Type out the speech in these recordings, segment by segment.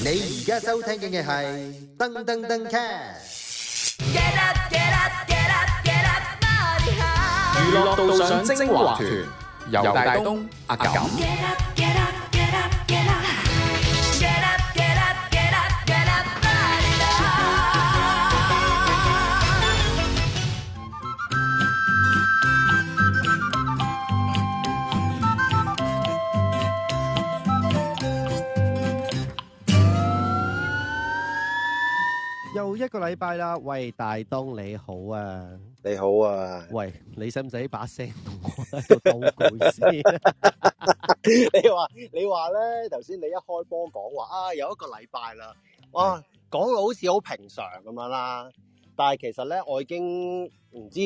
你而家收聽緊嘅係《噔噔噔卡》娛樂道上精華團，由大東阿錦 Get up, get up, get 一個禮拜啦，喂，大東你好啊，你好啊，喂，你使唔使把聲同我喺度講故事？你話你話咧，頭先你一開波講話啊，有一個禮拜啦，哇，講到好似好平常咁樣啦，但係其實咧，我已經唔知。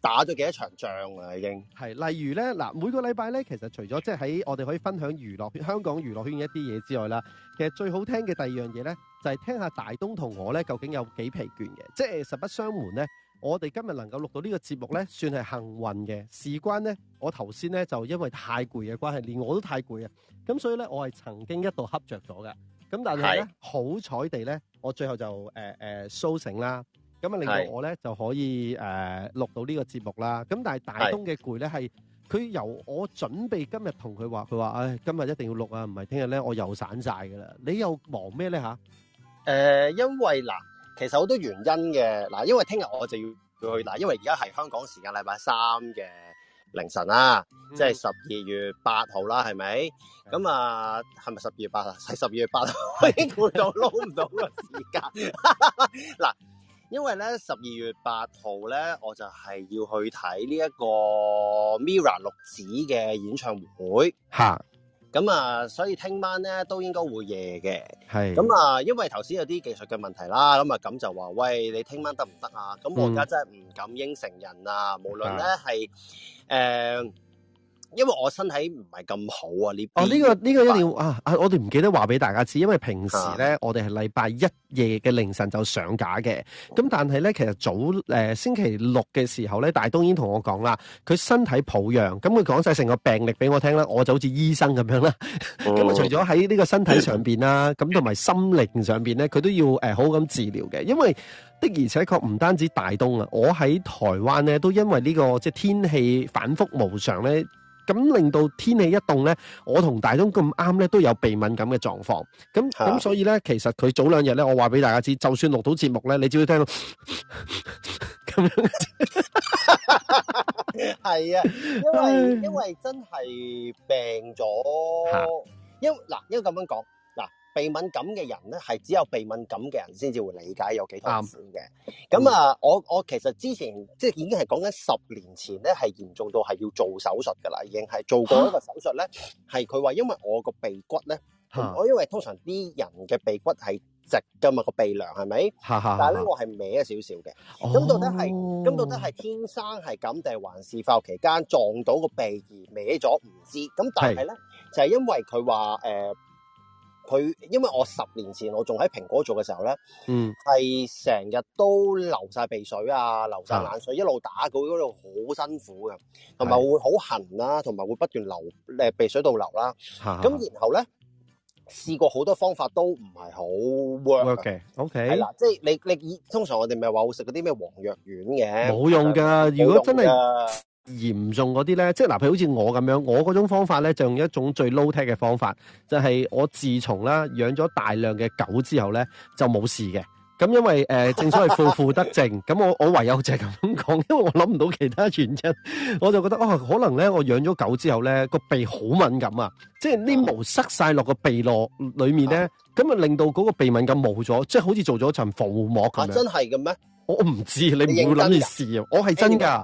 打咗幾多場仗啊？已經係例如咧嗱，每個禮拜咧，其實除咗即係喺我哋可以分享娛樂香港娛樂圈一啲嘢之外啦，其實最好聽嘅第二樣嘢咧，就係、是、聽下大東同我咧究竟有幾疲倦嘅。即係實不相瞞咧，我哋今日能夠錄到呢個節目咧，算係幸運嘅。事關咧，我頭先咧就因為太攰嘅關係，連我都太攰啊。咁所以咧，我係曾經一度瞌着咗嘅。咁但係咧，好彩地咧，我最後就誒誒蘇醒啦。咁啊，令到我咧就可以誒錄到呢個節目啦。咁但係大東嘅攰咧係佢由我準備今日同佢話，佢話，唉，今日一定要錄啊，唔係聽日咧我又散曬㗎啦。你又忙咩咧嚇？誒，因為嗱，其實好多原因嘅嗱，因為聽日我就要去嗱，因為而家係香港時間禮拜三嘅凌晨啦，即係十二月八號啦，係咪？咁啊，係咪十二月八號啊？係十二月八號，我已經攰到撈唔到個時間嗱。因為咧十二月八號咧，我就係要去睇呢一個 Mirror 六子嘅演唱會吓，咁啊，所以聽晚咧都應該會夜嘅，係，咁啊，因為頭先有啲技術嘅問題啦，咁啊咁就話，喂，你聽晚得唔得啊？咁我而家真係唔敢應承人啊，無論咧係誒。因為我身體唔係咁好啊，呢邊哦呢、呢個呢、呢個一定要啊，啊我哋唔記得話俾大家知，因為平時咧、啊、我哋係禮拜一夜嘅凌晨就上架嘅，咁但係咧其實早誒、呃、星期六嘅時候咧，大東已經同我講啦，佢身體抱恙。咁佢講晒成個病歷俾我聽啦，我就好似醫生咁樣啦，咁、嗯、啊、 嗯、除咗喺呢個身體上邊啦，咁同埋心靈上邊咧，佢都要誒好好咁治療嘅，因為的而且確唔單止大東啊，我喺台灣咧都因為呢、呢個即係天氣反覆無常咧。咁令到天氣一凍咧，我同大東咁啱咧都有鼻敏感嘅狀況。咁咁所以咧，其實佢早兩日咧，我話俾大家知，就算錄到節目咧，你只要聽到咁樣，係啊，因為因為真係病咗。因嗱，因為咁樣講。鼻敏感嘅人咧，係只有鼻敏感嘅人先至會理解有幾多少嘅。咁啊、嗯，我我其實之前即係已經係講緊十年前咧，係嚴重到係要做手術噶啦，已經係做過一個手術咧，係佢話因為我個鼻骨咧，我因為通常啲人嘅鼻骨係直噶嘛，個鼻梁係咪？是 但係呢咧 我係歪咗少少嘅。咁到底係，咁到底係天生係咁，定還是翻學期間撞到個鼻而歪咗唔知？咁但係咧就係、是、因為佢話誒。呃佢因為我十年前我仲喺蘋果做嘅時候咧，嗯，係成日都流晒鼻水啊，流晒冷水，啊、一路打佢嗰度好辛苦嘅，同埋會好痕啦，同埋會不斷流誒鼻水倒流啦。咁、啊、然後咧試過好多方法都唔係好 work 嘅。O K 係啦，即係你你通常我哋咪話會食嗰啲咩黃藥丸嘅，冇用㗎。如果真係嚴重嗰啲咧，即係嗱，譬如好似我咁樣，我嗰種方法咧就用一種最撈踢嘅方法，就係、是、我自從啦養咗大量嘅狗之後咧，就冇事嘅。咁因為誒、呃，正所謂「負負得正，」 咁我我唯有就係咁講，因為我諗唔到其他原因，我就覺得哦，可能咧我養咗狗之後咧個鼻好敏感呢啊，即係啲毛塞晒落個鼻落裏面咧，咁啊令到嗰個鼻敏感冇咗，即係好似做咗層防護膜咁樣。啊、真係嘅咩？我唔知，你唔好諗住試啊，我係真噶。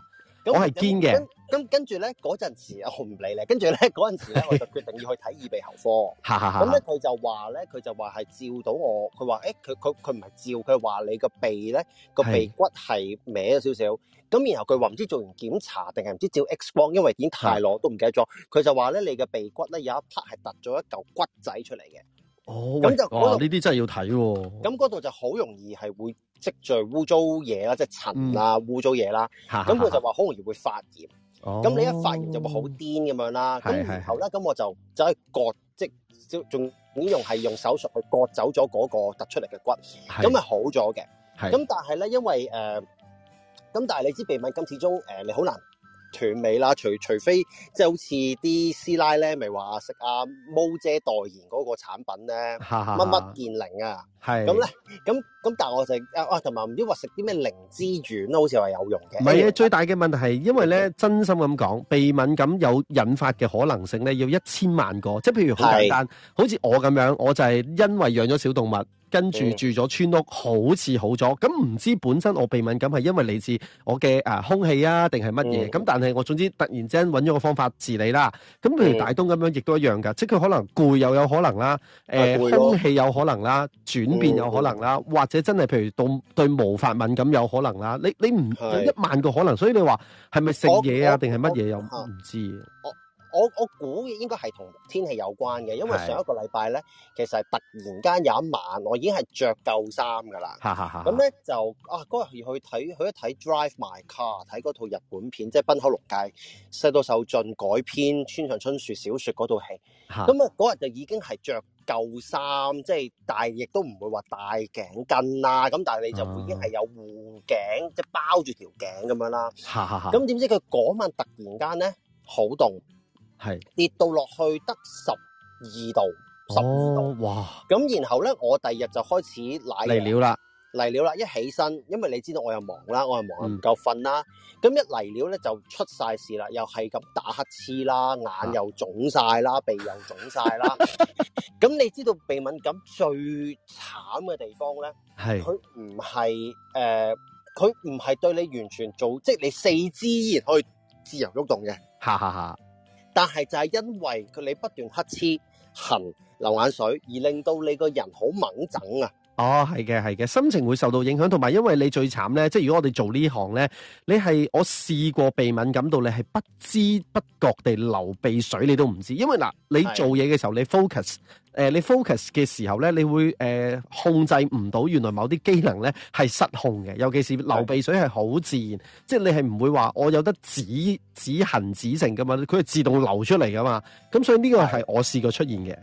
我係堅嘅，咁跟住咧嗰陣時，我唔理你。跟住咧嗰陣時咧，我，時候我就決定要去睇耳鼻喉科。咁 咧，佢就話咧，佢就話係照到我。佢話：誒、欸，佢佢佢唔係照，佢話你個鼻咧個鼻骨係歪咗少少。咁然後佢話唔知做完檢查定係唔知照 X 光，因為已經太耐都唔記得咗。佢就話咧，你嘅鼻骨咧有一 part 係突咗一嚿骨仔出嚟嘅。哦，咁就度呢啲真係要睇喎、哦。咁嗰度就好容易係會積聚污糟嘢啦，即係塵啊、污糟嘢啦。咁佢、嗯、就話好容易會發炎。咁、哦、你一發炎就會好癲咁樣啦。咁然後咧，咁我就走去割，即係仲美容係用手術去割走咗嗰個突出嚟嘅骨，咁咪好咗嘅。咁但係咧，因為誒，咁、呃、但係你知鼻敏感始終誒、呃，你好難。斷尾啦，除除非即係好似啲師奶咧，咪話食阿毛姐代言嗰個產品咧，乜乜健靈啊，係咁咧，咁咁但係我就誒、是，哇同埋唔知話食啲咩靈芝丸咯，好似話有用嘅。唔係啊，最大嘅問題係因為咧，Okay. 真心咁講，鼻敏感有引發嘅可能性咧，要一千萬個，即係譬如好簡單，好似我咁樣，我就係因為養咗小動物。跟住住咗村屋好似好咗，咁、嗯、唔知本身我鼻敏感係因為嚟自我嘅空氣啊，定係乜嘢？咁、嗯、但係我總之突然之間揾咗個方法治理啦。咁譬如大東咁樣亦都一樣㗎、嗯，即係佢可能攰又有可能啦，誒空氣有可能啦，轉變有可能啦、嗯，或者真係譬如到對毛髮敏感有可能啦。你你唔一萬個可能，所以你話係咪食嘢啊？定係乜嘢又唔知？我我估應該係同天氣有關嘅，因為上一個禮拜咧，其實係突然間有一晚，我已經係着夠衫㗎啦。咁 咧就啊，嗰日去睇去一睇《Drive My Car》，睇嗰套日本片，即係濱口龍介、西島秀俊改編村上春樹小説嗰套戲。咁啊，嗰日就已經係着夠衫，即係但係亦都唔會話戴頸巾啦。咁但係你就已經係有護頸， 即係包住條頸咁樣啦。咁 點知佢嗰晚突然間咧好凍。係跌到落去得十二度，十五度、哦、哇！咁然後咧，我第二日就開始嚟尿啦，嚟尿啦，一起身，因為你知道我又忙啦，我又忙唔夠瞓啦，咁、嗯、一嚟尿咧就出晒事啦，又係咁打乞嗤啦、啊，眼又腫晒啦，鼻又腫晒啦，咁 你知道鼻敏感最慘嘅地方咧，係佢唔係誒，佢唔係對你完全做，即係你四肢依然可以自由喐動嘅，吓哈哈，哈。但係就係因為佢，你不斷乞嗤、痕、流眼水，而令到你個人好矇整啊！哦，係嘅，係嘅，心情會受到影響，同埋因為你最慘咧，即係如果我哋做呢行咧，你係我試過鼻敏感到你係不知不覺地流鼻水，你都唔知，因為嗱，你做嘢嘅時候你 focus，誒，你 focus 嘅、呃、時候咧，你會誒、呃、控制唔到原來某啲機能咧係失控嘅，尤其是流鼻水係好自然，即係你係唔會話我有得止止痕止性㗎嘛，佢係自動流出嚟㗎嘛，咁所以呢個係我試過出現嘅。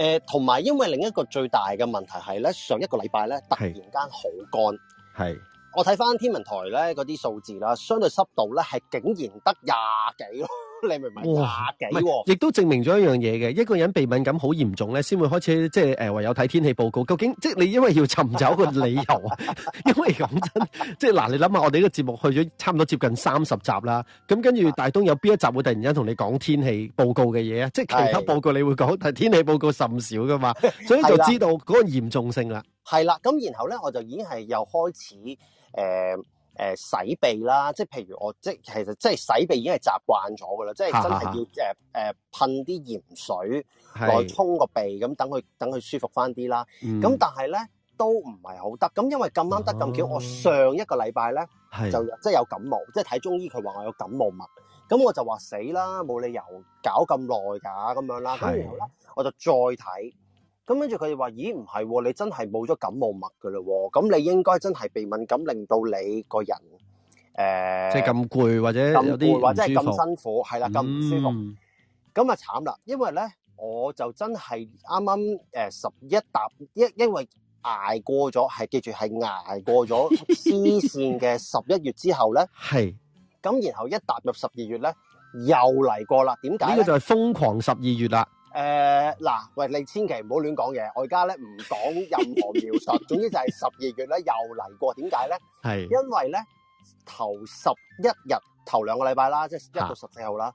誒，同埋因為另一個最大嘅問題係咧，上一個禮拜咧突然間好乾，係我睇翻天文台咧嗰啲數字啦，相對濕度咧係竟然得廿幾咯。 你明明打幾喎？唔係，亦都證明咗一樣嘢嘅。一個人鼻敏感好嚴重咧，先會開始即係誒，唯有睇天氣報告。究竟即係你因為要尋找個理由啊？ 因為講真， 即係嗱，你諗下，我哋呢個節目去咗差唔多接近三十集啦。咁跟住大東有邊一集會突然間同你講天氣報告嘅嘢啊？ 即係其他報告你會講， 但係天氣報告甚少噶嘛，所以就知道嗰個嚴重性啦。係 啦。咁然後咧，我就已經係又開始誒。呃誒、呃、洗鼻啦，即係譬如我即係其實即係洗鼻已經係習慣咗㗎、呃、啦，即係真係要誒誒噴啲鹽水來沖個鼻，咁等佢等佢舒服翻啲啦。咁但係咧都唔係好得咁，因為咁啱得咁巧、哦，我上一個禮拜咧就即係有感冒，即係睇中醫佢話我有感冒物，咁我就話死啦，冇理由搞咁耐㗎咁樣啦。咁然後咧我就再睇。咁跟住佢哋話，咦，唔係，你真係冇咗感冒物嘅嘞，咁你應該真係鼻敏感，令到你個人，誒，即係咁攰或者有啲或者係咁辛苦，係啦，咁唔舒服。咁啊慘啦，因為咧，我就真係啱啱誒十一踏一，因為捱過咗，係記住係捱過咗黐線嘅十一月之後咧，係。咁然後一踏入十二月咧，又嚟過啦。點解？呢個就係瘋狂十二月啦。誒，嗱，喂，你千祈唔好亂講嘢，我而家咧唔講任何描述，總之就係十二月咧又嚟過，點解咧？係因為咧頭十一日頭兩個禮拜啦，即係一到十四號啦，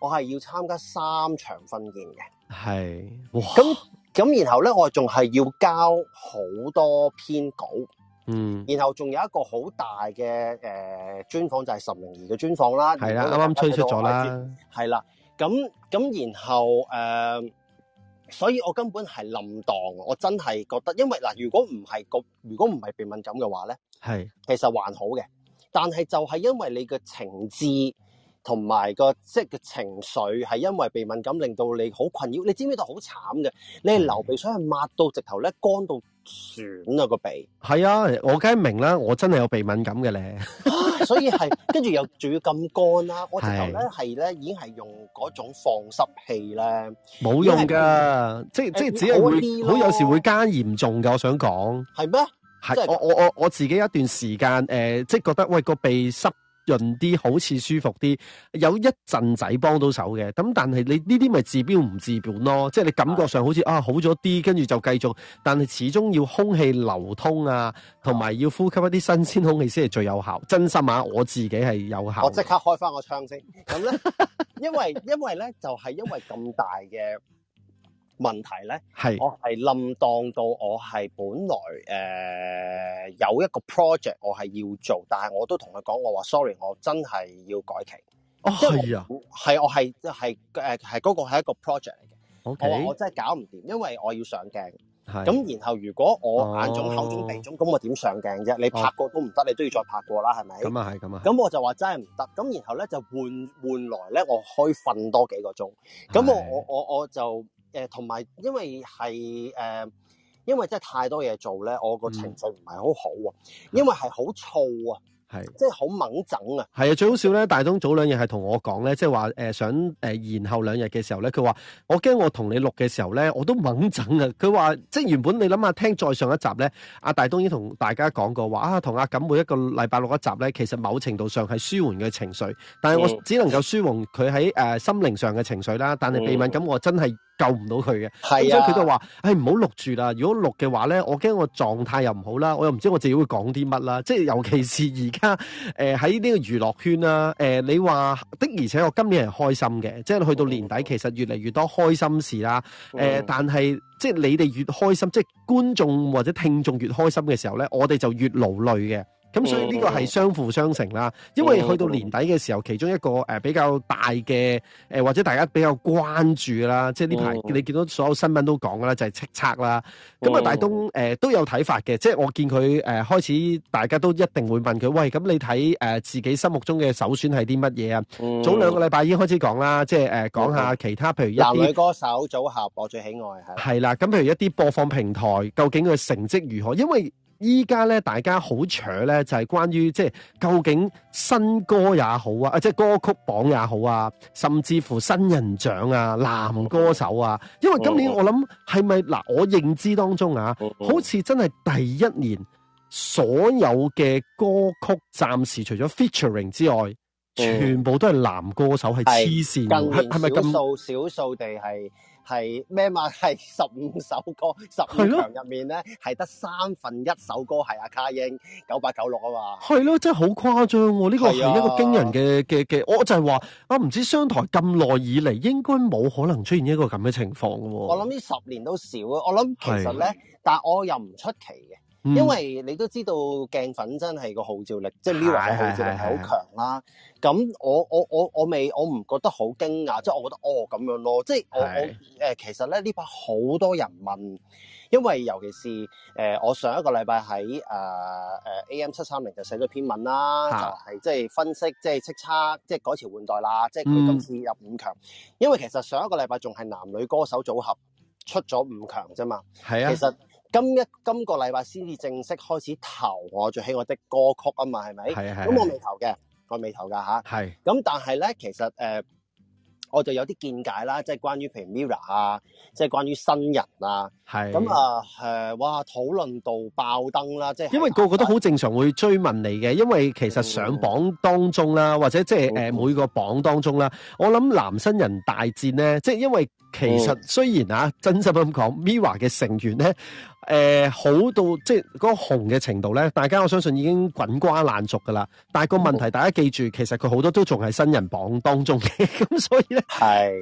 我係要參加三場婚宴嘅。係，哇，咁咁然後咧，我仲係要交好多篇稿，嗯，然後仲有一個好大嘅誒專訪，就係陳明儀嘅專訪啦。係啦，啱啱推出咗啦，係啦。咁咁然後誒、呃，所以我根本係冧檔，我真係覺得，因為嗱，如果唔係個，如果唔係鼻敏感嘅話咧，係其實還好嘅，但係就係因為你嘅情志同埋個即係嘅情緒係因為鼻敏感令到你好困擾，你知唔知道好慘嘅？你流鼻水，係抹到直頭咧乾到損啊、個鼻，係啊，我梗係明啦，我真係有鼻敏感嘅咧 、啊，所以係跟住又仲要咁乾啦。 我之前咧係咧已經係用嗰種防濕器咧，冇用噶，即係即係只係會好有時會加嚴重噶。我想講係咩？係我我我我自己一段時間誒、呃，即係覺得喂、個鼻濕。潤啲，好似舒服啲，有一陣仔幫到手嘅。咁但係你呢啲咪治標唔治本咯？即係你感覺上好似啊，啊好咗啲，跟住就繼續，但係始終要空氣流通啊，同埋要呼吸一啲新鮮空氣先係最有效。啊、真心啊，我自己係有效。我即刻開翻個窗先，咁咧， 因為呢、就係、因為咧就係因為咁大嘅。問題咧，係我係冧當到我係本來誒、呃、有一個 project 我係要做，但係我都同佢講，我話 sorry，我真係要改期。哦，係啊，係我係係誒係嗰個係一個 project 嚟嘅。Okay? 我話我真係搞唔掂，因為我要上鏡。咁，然後如果我眼腫、口、哦、腫、鼻腫，咁我點上鏡啫？你拍過都唔得、哦，你都要再拍過啦，係咪？咁啊係咁啊。咁我就話真係唔得。咁然後咧就換換來咧，我可以瞓多幾個鐘。咁我我我我就。同埋、呃，因為係因為真係太多嘢做咧，我個情緒唔係好好啊、嗯，因為係好燥啊，即係好掹整啊。係啊，最好笑咧，大東早兩日係同我講咧，即係話想、呃、延後兩日嘅時候咧，佢話我驚我同你錄嘅時候咧，我都掹整啊。佢話即係原本你諗下聽再上一集咧，阿大東已經同大家講過話啊，同阿錦每一個禮拜六一集咧，其實某程度上係舒緩嘅情緒，但係我只能夠舒緩佢喺心靈上嘅情緒啦。但係避免咁，我真係，救唔到佢嘅，咁、啊嗯、所以佢就話，誒唔好錄住啦！如果錄嘅話咧，我驚我狀態又唔好啦，我又唔知我自己會講啲乜啦。即係尤其是而家，誒喺呢個娛樂圈啦、啊，誒、呃、你話的而且確今年係開心嘅，即係去到年底其實越嚟越多開心事啦。誒、呃，但係即係你哋越開心，即係觀眾或者聽眾越開心嘅時候咧，我哋就越勞累嘅。咁所以呢個係相輔相成啦，因為去到年底嘅時候，其中一個誒比較大嘅誒，或者大家比較關注啦，即係呢排你見到所有新聞都講嘅啦，就係叱吒啦。咁啊，大東誒都有睇法嘅，即係我見佢誒開始，大家都一定會問佢，喂，咁你睇誒自己心目中嘅首選係啲乜嘢啊？早兩個禮拜已經開始講啦，即係誒講下其他，譬如一啲男女歌手組合，我最喜愛係係啦。咁譬如一啲播放平台，究竟佢成績如何？因為依家咧，大家好扯咧，就係、是、關於即係究竟新歌也好啊，即係歌曲榜也好啊，甚至乎新人獎啊，男歌手啊，因為今年我諗係咪嗱，我認知當中啊，嗯嗯、好似真係第一年所有嘅歌曲，暫時除咗 featuring 之外，嗯、全部都係男歌手係黐線，係係咪咁數少數地係？是係咩嘛？係十五首歌，十強入面咧，係得三分一首歌，係阿、啊、卡英九八九六啊嘛。係咯、啊，真係好誇張喎！呢、這個係一個驚人嘅嘅嘅，我就係話，我唔知商台咁耐以嚟，應該冇可能出現一個咁嘅情況嘅、啊。我諗呢十年都少啊！我諗其實咧、啊，但我又唔出奇嘅。嗯、因為你都知道鏡粉真係個號召力，即係呢排號召力係好強啦。咁我我我我未，我唔覺得好驚訝，即係我覺得哦咁樣咯。即係我我其實咧呢排好多人問，因為尤其是誒我上一個禮拜喺誒 AM 七三零就寫咗篇文啦，係即、啊、分析即係叱咤即係改朝換代啦，即係佢今次入五強、嗯。因為其實上一個禮拜仲係男女歌手組合出咗五強啫嘛，係啊，其實今一今個禮拜先至正式開始投我最喜愛的歌曲啊嘛，係咪？係啊係。咁我未投嘅，我未投噶吓。係。咁但係咧，其實誒、呃，我就有啲見解啦，即係關於譬如 MIRROR 啊，即係關於新人啊。係。咁啊誒，哇、呃！討論度爆燈啦，即係。因為個個都好正常會追問你嘅，因為其實上榜當中啦，嗯、或者即係誒每個榜當中啦，我諗男新人大戰咧，即係因為。其實雖然啊，真心咁講，MIRROR 嘅成員咧，誒、呃、好到即係嗰個紅嘅程度咧，大家我相信已經滾瓜爛熟㗎喇。但係個問題，大家記住，其實佢好多都仲係新人榜當中嘅，咁所以咧，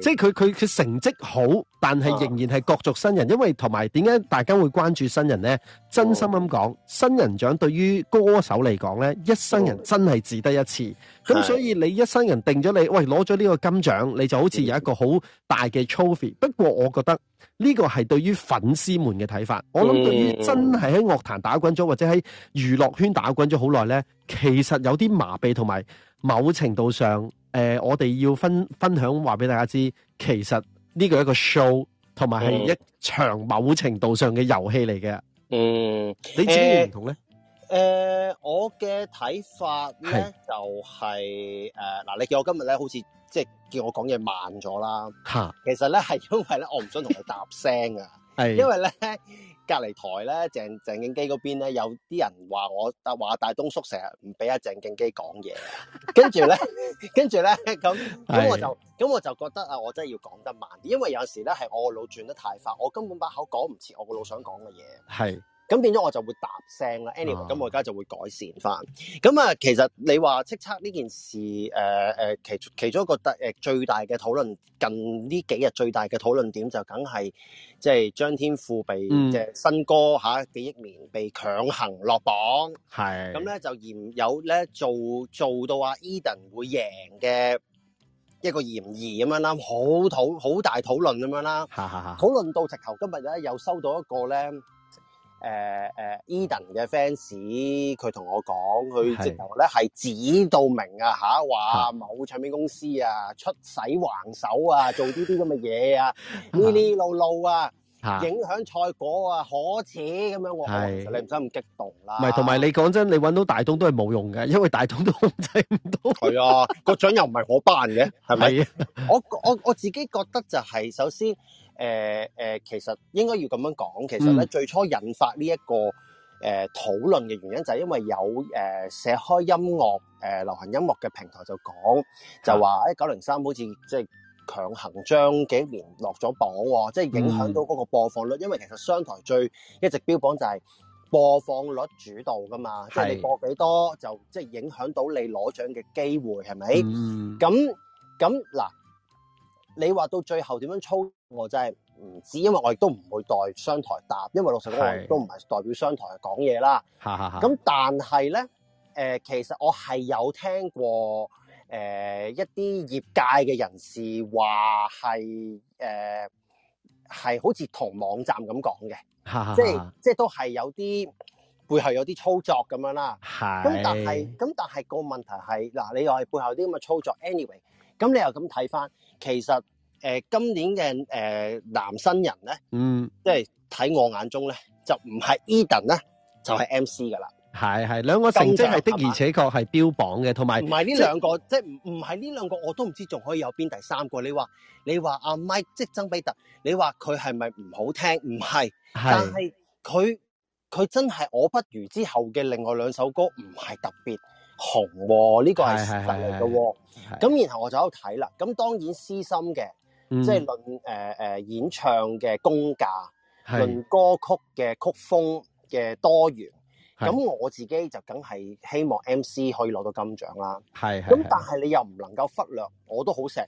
即係佢佢佢成績好，但係仍然係各族新人。因為同埋點解大家會關注新人咧？真心咁講，新人獎對於歌手嚟講咧，一生人真係只得一次。咁所以你一生人定咗你，喂，攞咗呢個金獎，你就好似有一個好大嘅 trophy。不過我覺得呢、這個係對於粉絲們嘅睇法，我諗對於真係喺樂壇打滾咗或者喺娛樂圈打滾咗好耐咧，其實有啲麻痹同埋某程度上，誒、呃，我哋要分分享話俾大家知，其實呢個一個 show，同埋係一場某程度上嘅遊戲嚟嘅、嗯。嗯，你自己認同咧？誒、呃，我嘅睇法咧就係、是、誒，嗱、呃，你叫我今日咧，好似即係叫我講嘢慢咗啦。吓，其實咧係因為咧，我唔想同你搭聲啊。係，因為咧隔籬台咧，鄭鄭敬基嗰邊咧有啲人話我，話大東叔成日唔俾阿鄭敬基講嘢。跟住咧，跟住咧，咁咁我就咁我就覺得啊，我真係要講得慢啲，因為有時咧係我個腦轉得太快，我根本把口講唔切我個腦想講嘅嘢。係。咁變咗我就會答聲啦、anyway, 哦。anyway，咁我而家就會改善翻。咁啊，其實你話叱咤呢件事，呃、其其中一個最大嘅討論，近呢幾日最大嘅討論點就梗係即係張天賦被、嗯、新歌，下記憶棉被強行落榜，係咁咧就嫌有咧做做到啊 Edan 會贏嘅一個嫌疑咁樣啦，好討好大討論咁樣啦， 討論到直頭今日咧又收到一個咧。誒、uh, 誒、uh，Eden 嘅 fans 佢同我講，佢直頭咧係指到明啊吓，話、啊、某唱片公司啊出使橫手啊，做呢啲咁嘅嘢啊，呢 呢路路啊， 影響賽果啊，可恥咁樣。 我其實你唔使咁激動啦、啊。唔係，同埋你講真，你搵到大東都係冇用嘅，因為大東都控制唔到。佢啊，個 獎又唔係我頒嘅，係 咪？我我我自己覺得就係、是、首先。誒、呃、誒、呃，其實應該要咁樣講。其實咧、嗯、最初引發呢、這、一個誒討論嘅原因就係因為有誒寫、呃、開音樂誒、呃、流行音樂嘅平台就講就話喺九零三好似即係強行將幾年落咗榜、哦，即、就、係、是、影響到嗰個播放率。嗯、因為其實商台最一直標榜就係播放率主導噶嘛，即係你播幾多就即係影響到你攞獎嘅機會係咪？咁咁嗱，你話到最後點樣操？我真係唔知，因為我亦都唔會代商台答，因為六十億我亦都唔係代表商台講嘢啦。咁 但係咧，誒、呃、其實我係有聽過誒、呃、一啲業界嘅人士話係誒係好似同網站咁講嘅，即係即係都係有啲背後有啲操作咁樣啦。咁但係咁但係個問題係嗱，你又係背後有啲咁嘅操作，anyway，咁你又咁睇翻，其實。誒、呃、今年嘅誒、呃、男新人咧，嗯，即係睇我眼中咧，就唔係 Edan 咧，就係、是、MC 噶啦，係係兩個成績係、嗯、的而且確係標榜嘅，同埋唔係呢兩個，即係唔唔係呢兩個我都唔知仲可以有邊第三個。你話你話阿、啊、Mike 即係曾比特，你話佢係咪唔好聽？唔係，但係佢佢真係我不如之後嘅另外兩首歌唔係特別紅、哦，呢、這個係事實嚟嘅、哦。咁然後我就喺度睇啦，咁當然私心嘅。即係論誒誒演唱嘅功架，論歌曲嘅曲風嘅多元，咁我自己就梗係希望 MC 可以攞到金獎啦。係，咁但係你又唔能夠忽略，我都好錫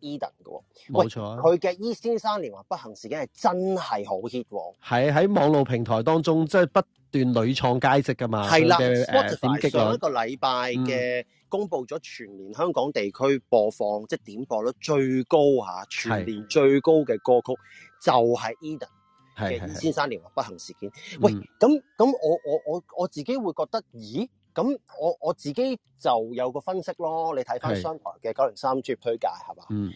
Edan 嘅。冇錯，佢嘅 E 先生連環不幸事件係真係好 hit。係喺網絡平台當中，即係不斷屢創佳績噶嘛。係啦，點擊一個禮拜嘅。公布咗全年香港地區播放，即係點播率最高嚇，全年最高嘅歌曲是就係 Edan 嘅《E 先生》《連環不幸事件》。喂，咁、嗯、咁我我我我自己會覺得，咦？咁我我自己就有個分析咯。你睇翻商台嘅九零三專業推介係嘛，嗯？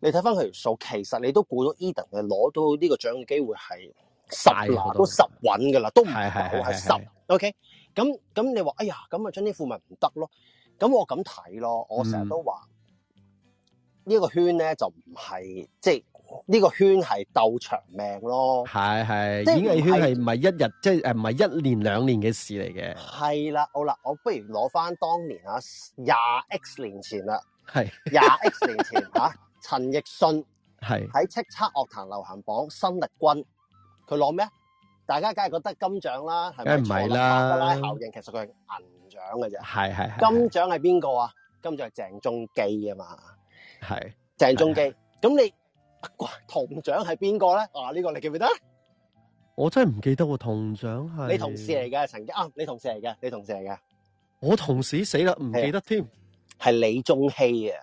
你睇翻佢條數，其實你都估到 Edan 嘅攞到呢個獎嘅機會係十拿都十穩㗎啦，都唔好係十。OK，咁咁你話哎呀，咁咪將啲負文唔得咯？咁我咁睇咯，我成日都話呢、嗯，這個圈咧就唔係即係呢、這個圈係鬥長命咯，係係演藝圈係唔係一日即係誒唔係一年兩年嘅事嚟嘅。係啦好啦，我不如攞翻當年啊廿 X 年前啦，係廿 X 年前啊，陳奕迅係喺叱咤樂壇流行榜新力軍，佢攞咩？大家梗係覺得金獎啦，係咪？梗係唔係啦！馬拉效應其實佢係銀獎嘅啫，係係。金獎係邊個啊？金獎係鄭中基啊嘛，係鄭中基。咁你啊，銅獎係邊個咧？啊，呢個你記唔記得？我真係唔記得喎，銅獎係你同事嚟嘅陳啊，你同事嚟嘅，你同事嚟嘅。我同事死啦，唔記得添，係李宗熹啊。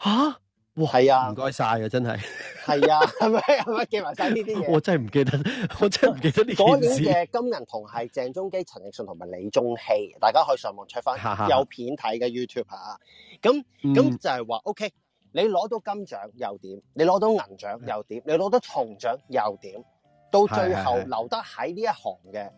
吓！哇，係啊，唔該晒啊，真係。係啊，係咪係咪記埋晒呢啲嘢？ 我真係唔記得，我真係唔記得呢件事嘅。當年嘅金銀銅係鄭中基、陳奕迅同埋李宗熙，大家可以上網 check 翻，有片睇嘅 YouTube 吓。咁咁就係話，嗯，OK，你攞到金獎又點？你攞到銀獎又點？你攞到銅獎又點？到最後留得喺呢一行嘅，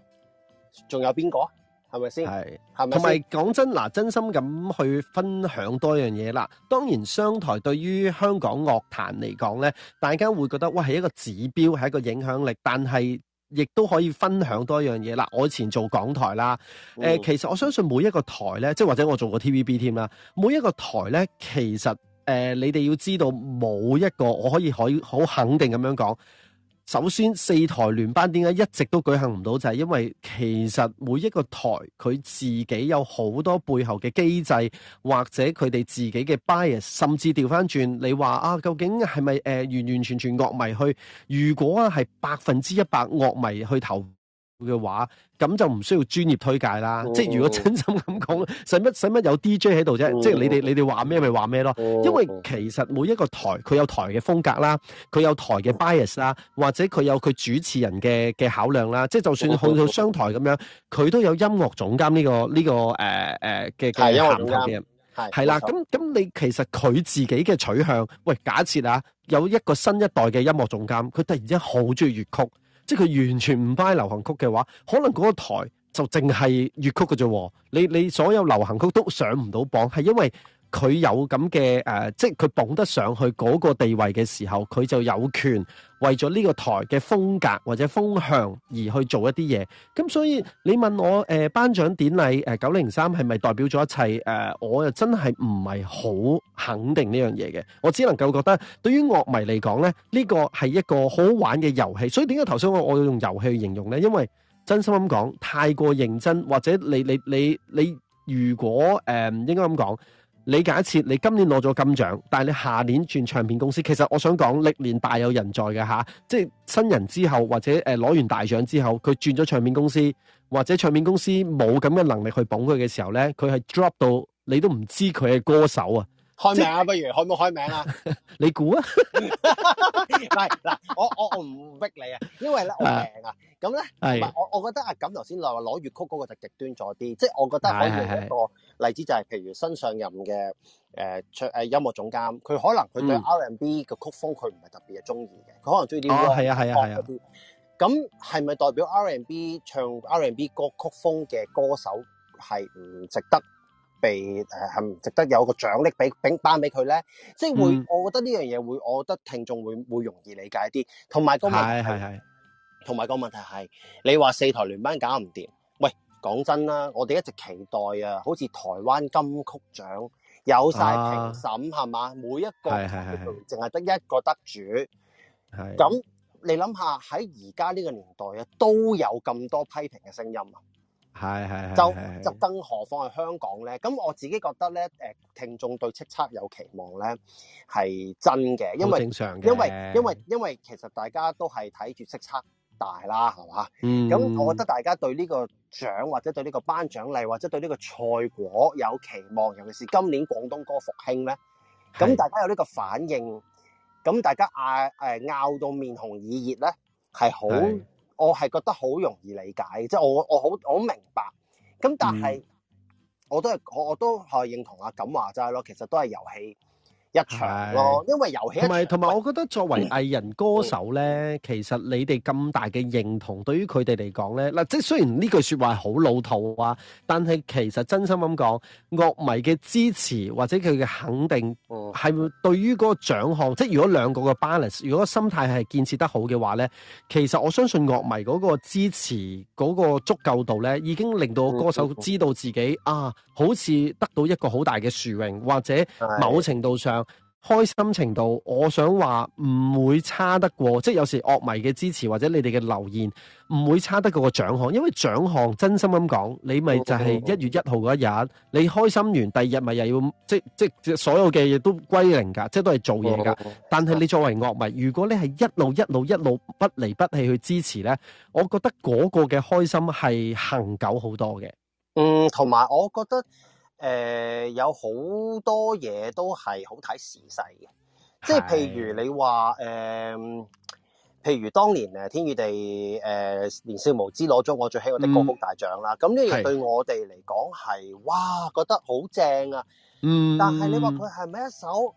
仲有邊個啊？係咪先？係，同埋講真嗱，真心咁去分享多樣嘢啦。當然，商台對於香港樂壇嚟講呢，大家會覺得哇，係一個指標，係一個影響力。但係亦都可以分享多樣嘢啦。我以前做港台啦，誒、嗯，其實我相信每一個台呢，即係或者我做過 TVB 添啦，每一個台呢，其實誒、呃，你哋要知道，冇一個我可以可以好肯定咁樣講。首先，四台聯班點解一直都舉行唔到？就係、是、因為其實每一個台佢自己有好多背後嘅機制，或者佢哋自己嘅 bias，甚至調翻轉。你話啊，究竟係咪誒完完全全樂迷去，如果啊係百分之一百樂迷去投嘅話咁就唔需要專業推介啦。哦、即係如果真心咁講，使乜使乜有 DJ 喺度啫？哦、即係你哋你哋話咩咪話咩咯。哦、因為其實每一個台佢有台嘅風格啦，佢有台嘅 bias 啦，或者佢有佢主持人嘅嘅考量啦。即係就算去到商台咁樣，佢、哦、都有音樂總監呢、這個呢、這個誒誒嘅嘅探討嘅人係啦。咁咁你其實佢自己嘅取向，喂假設啊，有一個新一代嘅音樂總監，佢突然間好中意粵曲。即係佢完全唔派流行曲嘅話，可能嗰個台就淨係粵曲嘅啫。你你所有流行曲都上唔到榜，係因為。佢有咁嘅誒，即係佢捧得上去嗰個地位嘅時候，佢就有權為咗呢個台嘅風格或者風向而去做一啲嘢。咁所以你問我誒頒獎典禮誒九零三係咪代表咗一切誒？我又真係唔係好肯定呢樣嘢嘅。我只能夠覺得，對於樂迷嚟講咧，呢個係一個好玩嘅遊戲。所以點解頭先我我要用遊戲去形容咧？因為真心咁講，太過認真或者你你你你，如果誒應該咁講。你假設你今年攞咗金獎，但係你下年轉唱片公司，其實我想講歷年大有人在嘅嚇，即新人之後或者誒攞、呃、完大獎之後，佢轉咗唱片公司，或者唱片公司冇咁嘅能力去捧佢嘅時候呢，佢係 drop 到你都唔知佢係歌手啊！開名啊，不如開唔開名啊？你估啊？唔係嗱，我我我唔逼你啊，因為咧我平啊。咁咧，係我我覺得阿錦頭先話攞粵曲嗰個就極端咗啲，即係我覺得可以用一個例子就係，譬如新上任嘅誒唱誒音樂總監，佢可能佢對 R&B 嘅曲風佢唔係特別嘅中意嘅，佢可能中意啲歌。哦，係啊，係啊，係啊。咁係咪代表 R&B 唱 R&B 歌曲風嘅歌手係唔值得？被誒係值得有個獎勵俾頒俾佢咧，即係會、嗯，我覺得呢樣嘢會，我覺得聽眾會會容易理解啲。同埋個問題係，同埋個問題係，你話四台聯頒搞唔掂？喂，講真啦，我哋一直期待啊，好似台灣金曲獎有晒評審係嘛、啊，每一個淨係得一個得主。係咁，你諗下喺而家呢個年代啊，都有咁多批評嘅聲音啊！係係係，就更何況係香港咧。咁我自己覺得咧，誒聽眾對叱咤有期望咧，係真嘅，因為正常嘅因為因為因為其實大家都係睇住叱咤大啦，係嘛？咁、嗯、我覺得大家對呢個獎或者對呢個頒獎禮或者對呢個賽果有期望，尤其是今年廣東歌復興咧，咁大家有呢個反應，咁大家嗌誒拗到面紅耳熱咧，係好。我係覺得好容易理解，即係我我好我明白，咁但係，嗯，我都係我，我都係認同阿錦話齋咯，其實都係遊戲。一場咯，是因為遊戲同埋同埋，我覺得作為藝人歌手咧、嗯，其實你哋咁大嘅認同，對於佢哋嚟講咧，嗱，即係雖然呢句說話係好老土啊，但係其實真心咁講樂迷嘅支持或者佢嘅肯定，係對於嗰個獎項，嗯、即係如果兩個嘅 balance，如果心態係建設得好嘅話咧，其實我相信樂迷嗰個支持嗰、嗰個足夠度咧，已經令到歌手知道自己、嗯、啊，好似得到一個好大嘅殊榮或者某程度上。開心程度，我想話唔會差得過，即係有時樂迷嘅支持或者你哋嘅留言唔會差得過個獎項，因為獎項真心咁講，你咪就係一月一號嗰一日，okay, okay, okay. 你開心完，第二日咪又要，即即，即所有嘅嘢都歸零噶，即係都係做嘢噶。Okay, okay. 但係你作為樂迷，如果你係一路一路一路不離不棄去支持呢，我覺得嗰個嘅開心係恆久好多嘅。嗯，同埋我覺得。誒、呃，有好多嘢都係好睇時勢嘅，即係譬如你話誒、呃，譬如當年誒，天與地誒、呃，年少無知攞咗我最喜愛的歌曲大獎啦。咁、嗯、呢樣對我哋嚟講係哇，覺得好正啊。嗯，但係你話佢係咪一首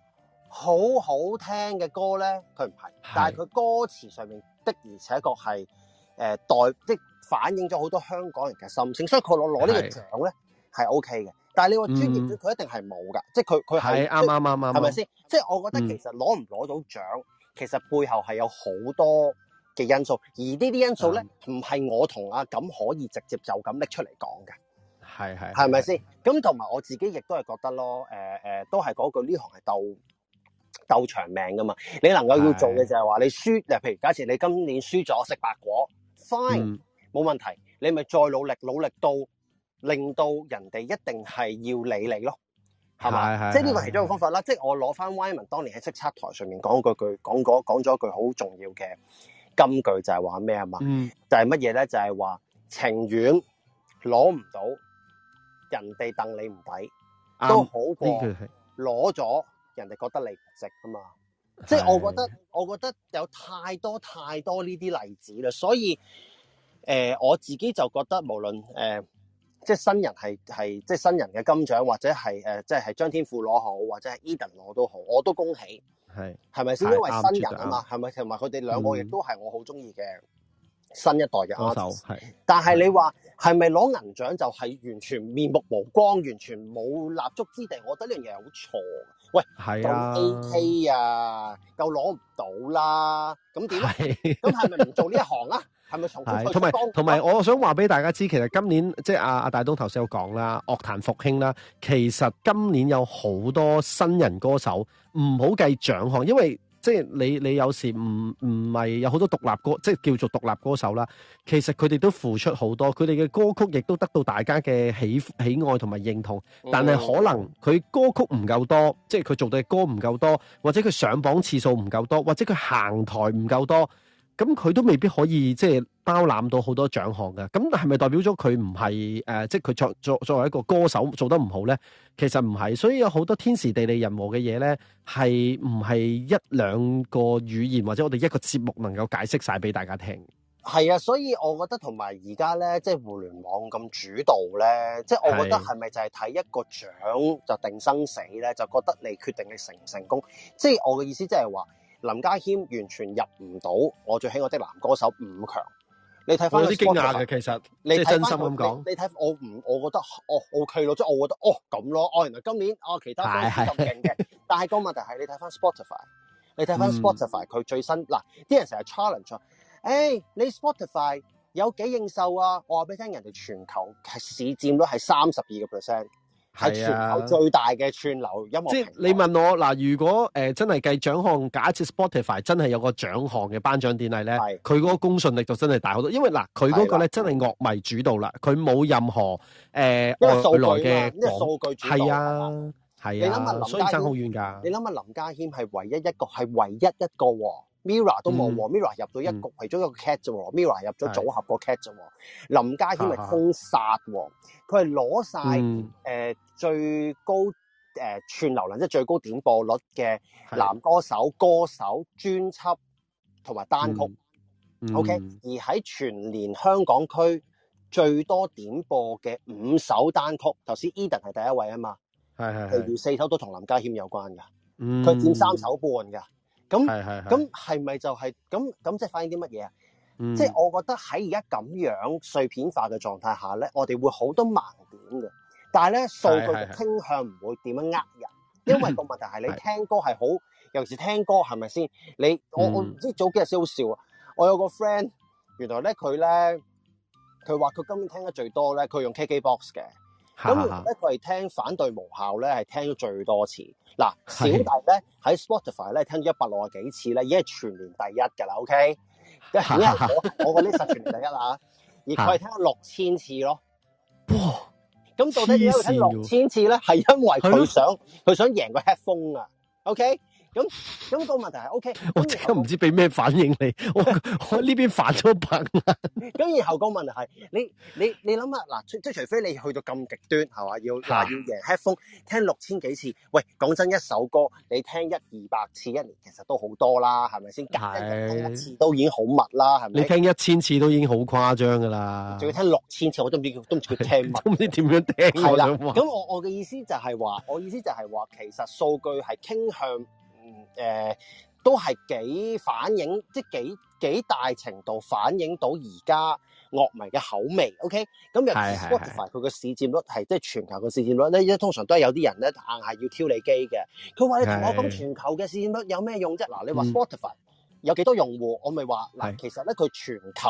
好好聽嘅歌咧？佢唔係，但係佢歌詞上面的而且確係誒代即反映咗好多香港人嘅心聲，所以佢攞攞呢個獎咧係 OK 嘅。但係你個專業，佢一定係冇噶，即係佢佢係啱啱啱，係咪先？即係我覺得其實攞唔攞到獎，其實背後係有好多嘅因素，而呢啲因素咧，唔係我同阿錦可以直接就咁拎出嚟講嘅，係係係咪先？咁同埋我自己亦都係覺得咯，誒誒，都係嗰句呢行係鬥鬥長命噶嘛，你能夠要做嘅就係話你輸，誒，譬如假設你今年輸咗食白果，fine，冇問題，你咪再努力努力到。令到人哋一定係要理你咯，係咪？即係呢個其中一個方法啦。即係我攞翻 Wyman 當年喺叱咤台上面講嗰句講講咗一句好重要嘅金句，就係話咩啊？嘛、嗯，就係乜嘢咧？就係話情願攞唔到人哋戥你唔抵，嗯、都好過攞咗人哋覺得你唔值啊嘛。即係我覺得，我覺得有太多太多呢啲例子啦，所以誒、呃，我自己就覺得無論誒。呃即係新人係係即係新人嘅金獎或者係誒、呃、即係張天賦攞，好或者係 Edan 攞都好，我都恭喜係，係咪先？因為新人啊嘛，係咪同埋佢哋兩個亦都係我好中意嘅新一代嘅歌手係。但係你話係咪攞銀獎就係完全面目無光，完全冇立足之地？我覺得呢樣嘢好錯。喂，係啊，啊，又 AK 啊，又攞唔到啦，咁點咧？咁係咪唔做呢一行啊？ 係，同埋同埋，我想話俾大家知，其實今年即係阿阿大東頭先有講啦，樂壇復興啦。其實今年有好多新人歌手，唔好計獎項，因為即係你你有時唔唔係有好多獨立歌，即係叫做獨立歌手啦。其實佢哋都付出好多，佢哋嘅歌曲亦都得到大家嘅喜喜愛同埋認同。但係可能佢歌曲唔夠多，即係佢做嘅歌唔夠多，或者佢上榜次數唔夠多，或者佢行台唔夠多。咁佢都未必可以即係包攬到好多獎項嘅，咁係咪代表咗佢唔係誒，即係佢作作作為一個歌手做得唔好咧？其實唔係，所以有好多天時地利人和嘅嘢咧，係唔係一兩個語言或者我哋一個節目能夠解釋晒俾大家聽？係啊，所以我覺得同埋而家咧，即係互聯網咁主導咧，即係我覺得係咪就係睇一個獎就定生死咧？就覺得你決定你成唔成功？即係我嘅意思，即係話。林家謙完全入唔到我最喜愛的男歌手五強，你睇翻有啲驚訝嘅，其實你真心咁講。你睇我唔，我覺得我、哦、OK 咯，即係我覺得哦咁咯，哦原來今年哦其他歌手係咁勁嘅， 但係個問題係你睇翻 Spotify，你睇翻 Spotify 佢、嗯、最新嗱啲人成日 challenge，誒你 Spotify 有幾應受啊？我話俾你聽，人哋全球市佔率係三十二個 percent。係全球最大嘅串流音樂即係你問我嗱，如果誒、呃、真係計獎項，假設 Spotify 真係有個獎項嘅頒獎典禮咧，佢嗰個公信力就真係大好多。因為嗱，佢、呃、嗰個咧、啊、真係樂迷主導啦，佢冇任何誒外、呃、來嘅數據主導。係啊，係啊。你諗下林家，所以爭好遠噶。你諗下林家謙係唯一一個，係唯一一個、哦。Mirror 都冇喎，Mirror 入到一局係、嗯、一個 cat 啫喎，Mirror 入咗組合個 cat 啫喎。林家謙係封殺喎、啊，佢係攞晒誒最高誒、呃、串流量，即係最高點播率嘅男歌手歌手，歌手專輯同埋單曲。嗯、OK，嗯、而喺全年香港區最多點播嘅五首單曲，頭先 Edan 係第一位啊嘛，係係，譬如四首都同林家謙有關㗎，佢、嗯、佔三首半㗎。咁咁係咪就係咁咁即係反映啲乜嘢啊？即、嗯、係、就是、我覺得喺而家咁樣碎片化嘅狀態下咧，我哋會好多盲點嘅。但係咧，數據嘅傾向唔會點樣呃人，是是是，因為個問題係你聽歌係好，尤其是聽歌係咪先？你我我唔知早幾日先好笑啊！我有個 friend，原來咧佢咧佢話佢今年聽得最多咧，佢用 KKBOX 嘅。咁而咧，佢係聽反對無效咧，係聽咗最多次。嗱，小弟咧喺 Spotify 咧聽咗一百六十幾次咧，已經係全年第一噶啦，OK？因為我 我嗰啲實全年第一啦，而佢係聽咗六千次咯。哇！咁到底而家佢聽六千次咧？係因為佢想佢 想贏個 headphone 啊，OK？咁咁、嗰個問題係，O K，我即刻唔知俾咩反應你， 我我呢邊反咗白眼。 咁然後個問題係，你你你諗下，嗱，即係除，除非你去到咁極端係嘛，要嗱啲嘅 headphone 聽六千幾次。喂，講真，一首歌你聽一二百次一年，其實都好多啦，係咪先？隔一次都已經好密啦，係咪？你聽一千次都已經好誇張㗎啦，仲要聽六千次，我都唔知，都唔知佢聽，都唔知點樣聽。係啦，咁我我嘅意思就係話，我意思就係話，其實數據係傾向。誒、呃，都係幾反映，即係幾幾大程度反映到而家樂迷嘅口味。OK，咁又 Spotify 佢嘅市占率係即係全球嘅市占率咧，通常都係有啲人咧硬係要挑機你機嘅。佢話你同我講全球嘅市占率有咩用啫？嗱，你話 Spotify 有幾多用戶、嗯？我咪話嗱，其實咧佢全球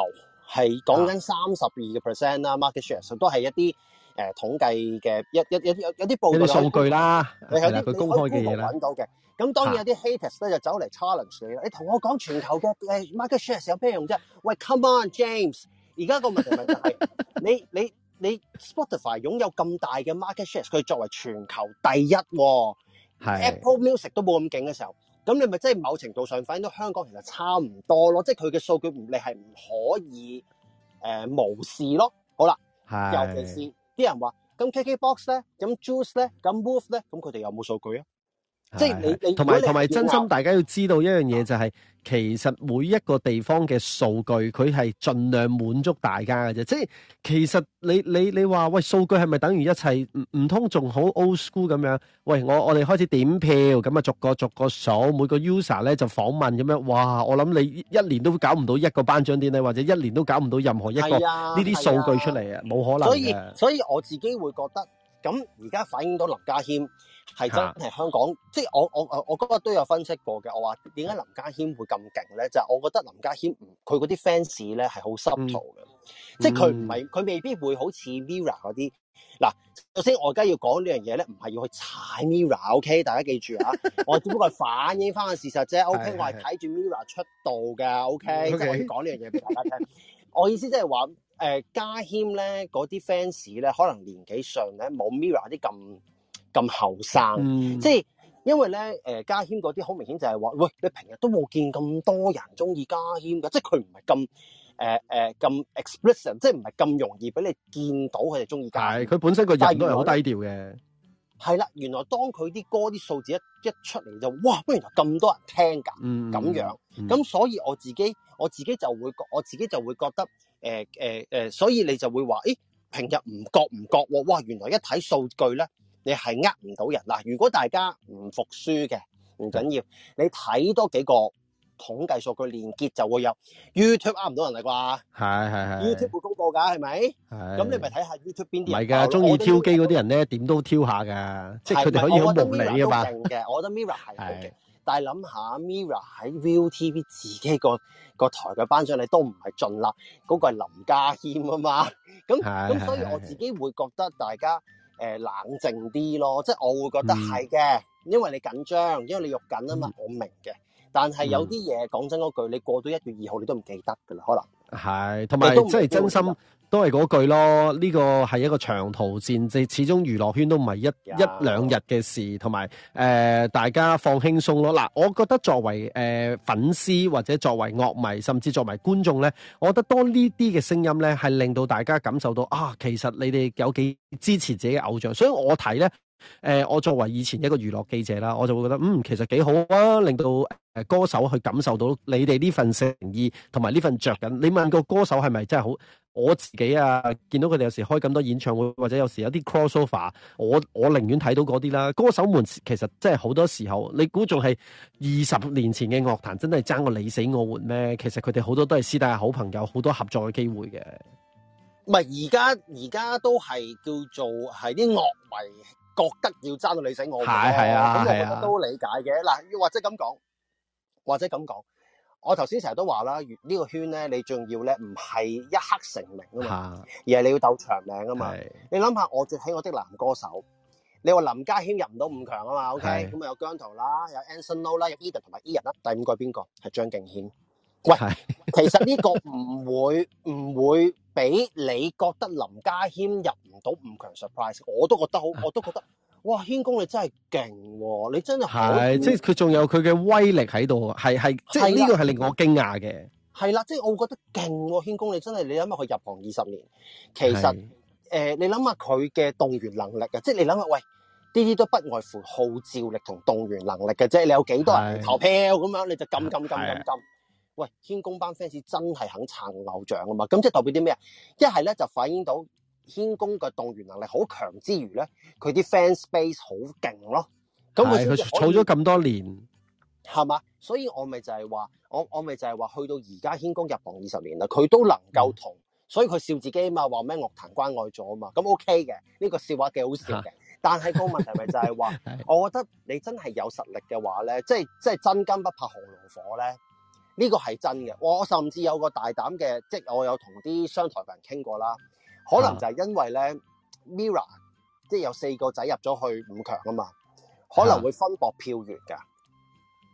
係講緊三十二個 percent 啦，market share 都係一啲誒、呃、統計嘅，一、一、有有啲報道有啲數據啦，佢公開嘅嘢揾到嘅。咁當然有啲 haters 咧就走嚟 challenge 你啦，你同我講全球嘅、哎、market share 有咩用啫？喂，come on James，而家個問題係、就是、 你你你 Spotify 擁有咁大嘅 market share，佢作為全球第一、哦，喎 Apple Music 都冇咁勁嘅時候，咁你咪真係某程度上反映到香港其實差唔多咯，即係佢嘅數據你係唔可以誒、呃、無視咯。好啦，尤其是啲人話咁 KKBOX 咧，咁 JOOX 咧，咁 MOOV 咧，咁佢哋有冇數據啊？即係你你同埋同埋，真心大家要知道一樣嘢就係，其實每一個地方嘅數據佢係盡量滿足大家嘅啫。即係其實你你你話喂，數據係咪等於一切？唔唔通仲好 old school 咁樣？喂，我我哋開始點票，咁啊逐個逐個數，每個 user 咧就訪問咁樣。哇！我諗你一年都搞唔到一個頒獎典禮，或者一年都搞唔到任何一個呢啲數據出嚟啊，冇可能。所以所以我自己會覺得，咁而家反映到林家謙。係真係香港，啊、即係我我我嗰日都有分析過嘅。我話點解林家謙會咁勁咧？就係、是、我覺得林家謙佢嗰啲 fans 咧係好深套嘅，即係佢唔係佢未必會好似 MIRROR 嗰啲。嗱、嗯，首先我而家要講呢樣嘢咧，唔係要去踩 MIRROR，OK？、Okay? 大家記住啊！ 我只不過係反映翻個事實啫，OK？ 我係睇住 MIRROR 出道噶，OK？ 我要講呢樣嘢俾大家聽。 我意思即係話，誒，家謙咧嗰啲 fans 咧，可能年紀上咧冇 MIRROR 啲咁。咁後生，即係因為咧，誒家謙嗰啲好明顯就係話，喂，你平日都冇見咁多人中意家謙㗎。」即係佢唔係咁誒誒咁，呃呃、explicit 即係唔係咁容易俾你見到佢哋中意家謙。係佢本身個人都係好低調嘅。係啦，原來當佢啲歌啲數字一一出嚟就哇，原來咁多人聽㗎，咁樣咁，嗯嗯、所以我自己我自己就會我自己就會覺得，呃呃、所以你就會話誒，欸、平日唔覺唔覺，哇，原來一睇數據咧。你係呃唔到人嗱，如果大家唔服輸嘅，唔緊要，你睇多幾個統計數據連結就會有。YouTube 呃唔到人啦啩？係係係。YouTube 會公佈㗎，係咪？係。咁你咪睇下 YouTube 邊啲人，人。唔係㗎，中意挑機嗰啲人咧，點都挑下㗎，即係佢哋可以好無理、啊嘛。嘅，我覺得 Mirror 都勁嘅，我覺得 Mirror 係好嘅。但係諗下 Mirror 喺 ViuTV 自己個、那個台嘅頒獎你都唔係盡力，嗰、那個係林家謙啊嘛。係。咁咁，所以我自己會覺得大家。誒冷靜啲咯，即我會覺得係嘅、嗯，因為你緊張，因為你肉緊啊嘛、嗯，我明嘅。但係有啲嘢講真嗰句，你過到一月二號，你都唔記得㗎啦，可能。係，同埋即係真心。都係嗰句咯，呢、這個係一個長途戰，即始終娛樂圈都唔係一、yeah. 一兩日嘅事，同埋誒大家放輕鬆咯。嗱，我覺得作為誒、呃、粉絲或者作為樂迷，甚至作為觀眾呢，我覺得當呢啲嘅聲音呢，係令到大家感受到啊，其實你哋有幾支持自己嘅偶像，所以我睇呢。誒、呃，我作為以前一個娛樂記者啦，我就會覺得嗯，其實幾好啊，令到誒歌手去感受到你哋呢份誠意同埋呢份着緊。你問個歌手係咪真係好？我自己啊，見到佢哋有時開咁多演唱會，或者有時有啲 crossover，我我寧願睇到嗰啲啦。歌手們其實真係好多時候，你估仲係二十年前嘅樂壇真係爭個你死我活咩？其實佢哋好多都係私底下好朋友，好多合作嘅機會嘅。唔係而家而家都係叫做係啲樂迷。覺得要爭到你死我活，係啊係啊，都理解嘅。嗱，或者咁講，或者咁講，我頭先成日都話啦，呢個圈咧，你仲要咧，唔係一刻成名啊嘛，而係你要鬥長命啊嘛。你諗下，我接喺我啲男歌手，你話林家謙入唔到五強啊嘛？OK，咁啊有姜濤啦，有 Anson Lo 啦，有 Edan 同埋 Ian 啦，第五個邊個係張敬軒？喂，其實呢個唔會唔會。俾你覺得林家謙入唔到五強 surprise，我都覺得好，我都覺得， 都覺得哇，軒公你真係勁喎，你真係係即係佢仲有佢嘅威力喺度，係係即係呢個係令我驚訝嘅。係啦，即係我覺得勁喎、啊，軒公你真係你諗下佢入行二十年，其實誒、呃、你諗下佢嘅動員能力啊，即係你諗下喂，呢啲都不外乎號召力同動員能力嘅即啫，你有幾多人投票咁樣你就撳撳撳撳撳。喂，軒公班 fans 真係肯撐偶像啊嘛？咁即係代表啲咩啊？一係咧就反映到軒公嘅動員能力好強之餘咧，佢啲 fans base 好勁咯。咁佢儲咗咁多年，係嘛？所以我咪就係話，我我咪就係話，去到而家軒公入行二十年啦，佢都能夠同，嗯、所以佢笑自己嘛話咩樂壇關愛咗啊嘛？咁 OK 嘅呢、呢個笑話幾好笑嘅、啊，但係個問題咪就係話， 我覺得你真係有實力嘅話咧，即係即係真金不怕洪爐火咧。呢、這個係真嘅，我甚至有個大膽嘅，即係我有同啲商台人傾過啦，可能就係因為咧、啊、，Mirror 即係有四個仔入咗去五強啊嘛，可能會分薄票源㗎。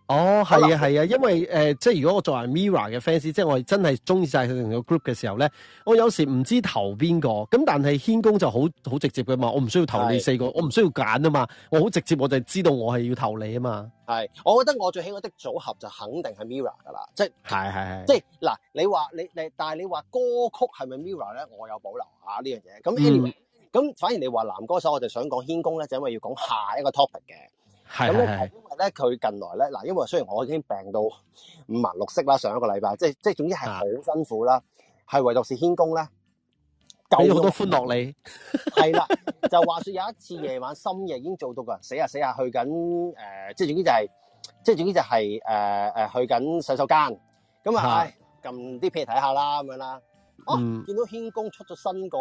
哦，係啊，係啊，因為誒、呃，即係如果我作為 Mirror 嘅 fans，即係我真係中意晒佢成個 group 嘅時候咧，我有時唔知投邊個，咁但係軒公就好好直接嘅嘛，我唔需要投你四個，我唔需要揀啊嘛，我好直接，我就知道我係要投你啊嘛。係，我覺得我最喜歡的組合就肯定係 Mirror 噶啦，即係係係係，即係嗱，你話你，你但係你話歌曲係咪 Mirror 咧，我有保留下呢樣嘢。咁 Anyway，咁、嗯、反而你話男歌手，我就想講軒公咧，就是、因為要講下一個 topic 嘅。係咁咧，因為咧佢近來咧，嗱，因為雖然我已經病到五顏六色啦，上一個禮拜，即係即係，總之係好辛苦啦，係唯獨是軒公咧，好多歡樂你，係、嗯、啦， 就話說有一次夜晚深夜已經做到噶、啊啊，死下死下去緊，誒，即係總之就係、是，即係總之就係、是，誒、呃、誒，去緊洗手間，咁、哎、啊，撳啲片睇下啦，咁樣啦，哦，見到軒公出咗新個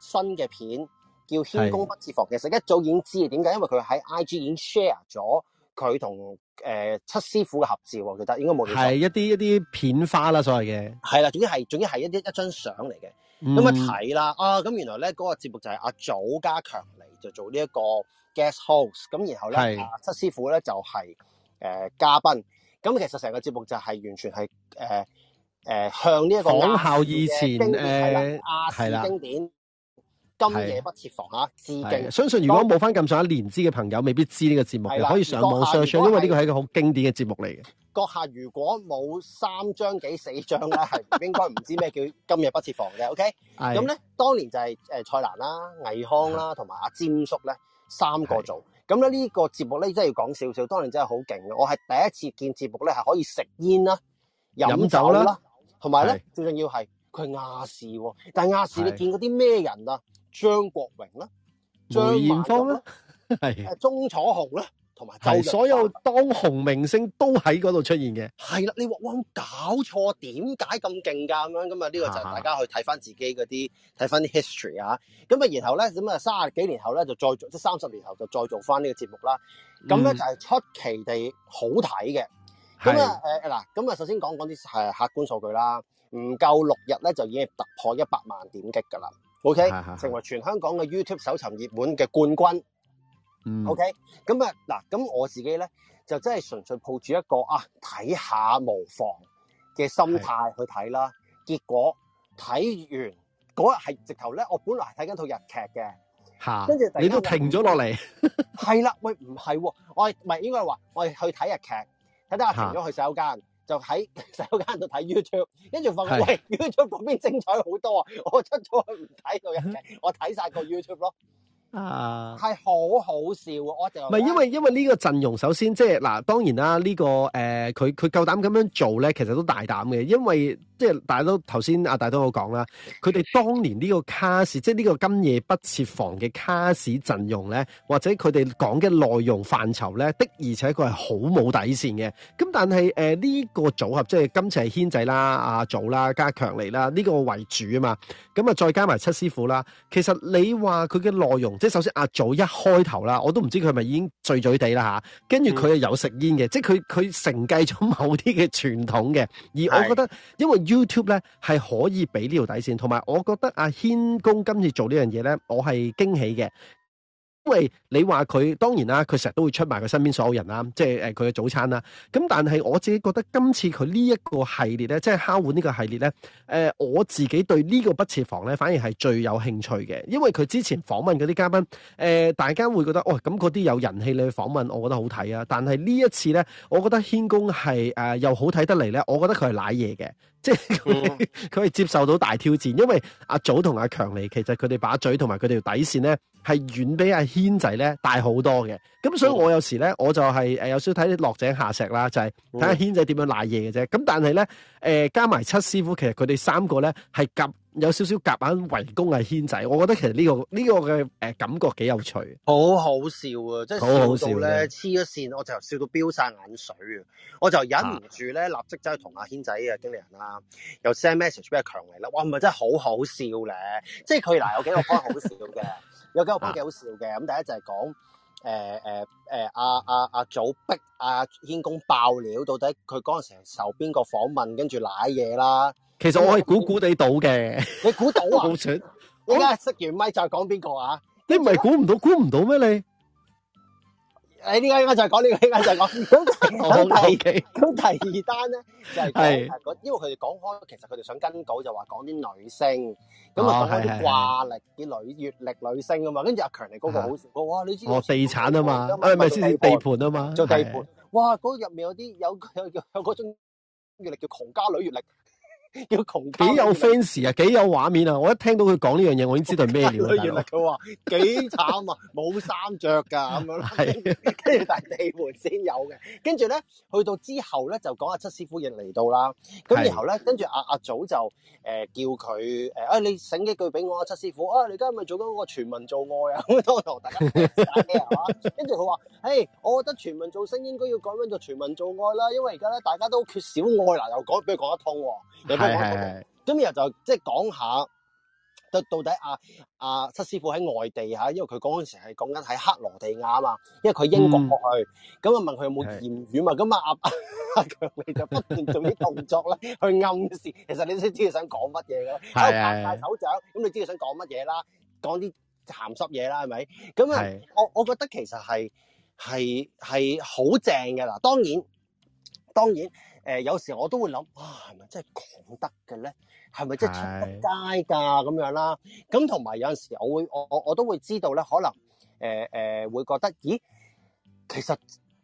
新嘅片。叫軒公不設防嘅，其實一早已經知啊，點解？因為佢喺 IG 已經 share 咗佢同誒七師傅嘅合照，我覺得應該冇。係一啲一啲片花啦，所謂嘅。係啦，總之係，總之係一啲一張相嚟嘅，咁啊睇啦啊，咁原來咧嗰、那個節目就係阿祖家強嚟就做呢一個 guest host 咁，然後咧、啊、七師傅咧就係、是、誒、呃、嘉賓，咁其實成個節目就係完全係誒誒向呢一個港校以前誒係啦經典。呃今夜不設防、啊，相信如果冇翻咁上下年資嘅朋友，未必知呢個節目可以上網上。因為呢個係一個好經典嘅節目嚟嘅。閣下如果冇三張幾四張咧，係 應該唔知咩叫今夜不設防嘅。OK，咁咧當年就係誒蔡瀾啦、倪匡啦同埋阿霑叔咧三個做咁咧呢個節目咧真係要講少少。當年真係好勁嘅。我係第一次見節目咧，係可以食煙啦、飲酒啦，同埋咧最重要係佢亞視、啊。但係亞視你見過啲咩人啊？張國榮啦、梅艷芳啦、係鍾 楚紅啦，同埋所有當紅明星都喺嗰度出現嘅。係啦，你話哇搞錯，點解咁勁噶咁樣咁啊？呢、這個就係大家去睇翻自己嗰啲睇翻啲 history 啊。咁啊，然後咧咁啊，三十幾年後咧就再做即三十年後就再做翻呢個節目啦。咁、嗯、咧就係出奇地好睇嘅。咁啊誒嗱，咁啊首先講講啲係客觀數據啦，唔夠六日咧就已經突破一百萬點擊噶啦。O、okay? K，成為全香港嘅 YouTube 搜尋熱門嘅冠軍。O K，咁啊，嗱、okay?，咁我自己咧就真係純粹抱住一個啊睇下無妨嘅心態去睇啦。結果睇完嗰日係直頭咧，我本來係睇緊套日劇嘅，吓，跟住第二都停咗落嚟。係 啦，喂，唔係，我係唔係應該話我係去睇日劇，睇得阿停咗去洗手間。就喺洗手間度睇 YouTube，跟住發覺 YouTube 嗰邊精彩好多啊！我出咗去唔睇到嘢， 我睇晒個 YouTube 咯。啊，係好好笑啊！我就唔係因為因為呢個陣容，首先即係嗱，當然啦，呢、這個誒佢佢夠膽咁樣做咧，其實都大膽嘅，因為即係大家都頭先阿大都我講啦，佢哋當年呢個卡士， 即係呢個今夜不設防嘅卡士陣容咧，或者佢哋講嘅內容範疇咧，的而且確係好冇底線嘅。咁但係誒呢個組合即係今次係軒仔啦、阿、啊、祖啦、家強嚟啦，呢、這個為主啊嘛，咁啊再加埋七師傅啦。其實你話佢嘅內容。即係首先阿祖、啊、一開頭啦，我都唔知佢係咪已經醉醉地啦吓，跟住佢有食煙嘅、嗯，即係佢佢承繼咗某啲嘅傳統嘅，而我覺得因為 YouTube 咧係可以俾呢條底線，同埋我覺得阿、啊、軒公今次做呢樣嘢咧，我係驚喜嘅。因為你話佢當然啦，佢成日都會出賣佢身邊所有人啦，即係誒佢嘅早餐啦。咁但係我自己覺得今次佢呢一個系列咧，即係敲碗呢個系列咧，誒、呃、我自己對呢個不設防咧，反而係最有興趣嘅。因為佢之前訪問嗰啲嘉賓，誒、呃、大家會覺得哦，咁嗰啲有人氣你去訪問，我覺得好睇啊。但係呢一次咧，我覺得軒公係誒又好睇得嚟咧，我覺得佢係瀨嘢嘅，即係佢係接受到大挑戰。因為阿祖同阿強尼，其實佢哋把嘴同埋佢哋條底線咧。係遠比阿軒仔咧大好多嘅，咁所以我有時咧我就係、是、誒、呃、有少睇啲落井下石啦，就係睇下軒仔點樣賴嘢嘅啫。咁、嗯、但係咧誒加埋七師傅，其實佢哋三個咧係夾有少少夾硬圍攻阿軒仔。我覺得其實呢、這個呢、這個嘅誒感覺幾有趣，好好笑啊！即係笑到咧黐咗線，我就笑到飆晒眼水啊！我就忍唔住咧、啊、立即走去同阿軒仔嘅經理人啦、啊，又 send message 俾強尼啦。哇！係咪真係好好笑咧？ 即係佢嗱有幾個方好笑嘅。 有幾部片幾好笑嘅，咁第一就係講，誒誒誒，阿、欸、阿、啊啊啊、祖逼阿軒公爆料，到底佢嗰陣時受邊個訪問，跟住瀨嘢啦。其實我係估估哋到嘅，你估到啊？冇 錯。你而家熄完咪再講邊個啊？你唔係估唔到，估 唔到咩你？你呢家呢家就係講呢個，呢家就係講咁第咁第二單咧，即係嗰，因為佢哋講開，其實佢哋想跟稿就話講啲女性，咁啊講下啲掛曆啲女月曆女性啊嘛，跟住阿強嚟嗰個好，哇！你知哦地產啊嘛，誒，咪先地盤啊嘛，做地盤，哇！嗰入面有啲有有有嗰種月曆叫窮家女月曆。幾有 fans 啊，幾有畫面啊！我一聽到佢講呢樣嘢，我已經知道係咩料。原來佢話幾慘啊，冇衫着噶咁樣，跟住大地盤先有嘅。跟住咧，去到之後咧就講阿七師傅亦嚟到啦。咁然後咧，跟住阿阿祖就誒、呃、叫佢誒、哎，你醒一句俾我阿七師傅，啊、哎、你而家係咪做緊嗰個全民做愛啊，咁樣同大家跟住佢話，誒、 啊，我覺得全民造星應該要改翻做全民做愛啦，因為而家咧大家都缺少愛啦，又講不如講一通、啊。係係，咁然後就即係講下到到底阿阿七師傅喺外地嚇，因為佢講嗰陣時係講緊喺克羅地亞啊嘛，因為佢英國過去，咁啊問佢有冇鱈魚嘛，咁啊阿阿強你就不斷做啲動作咧，去暗示其實你知知佢想講乜嘢嘅，咁拍曬手掌，咁你知佢想講乜嘢啦，講啲鹹濕嘢啦，係咪？咁啊，我我覺得其實係係係好正嘅嗱，當然當然。誒、呃、有時我都會諗，啊係咪真係講得嘅咧？係咪真係出得街㗎咁樣啦？咁同埋有陣時我，我會我我我都會知道咧，可能誒誒、呃呃、會覺得，咦，其實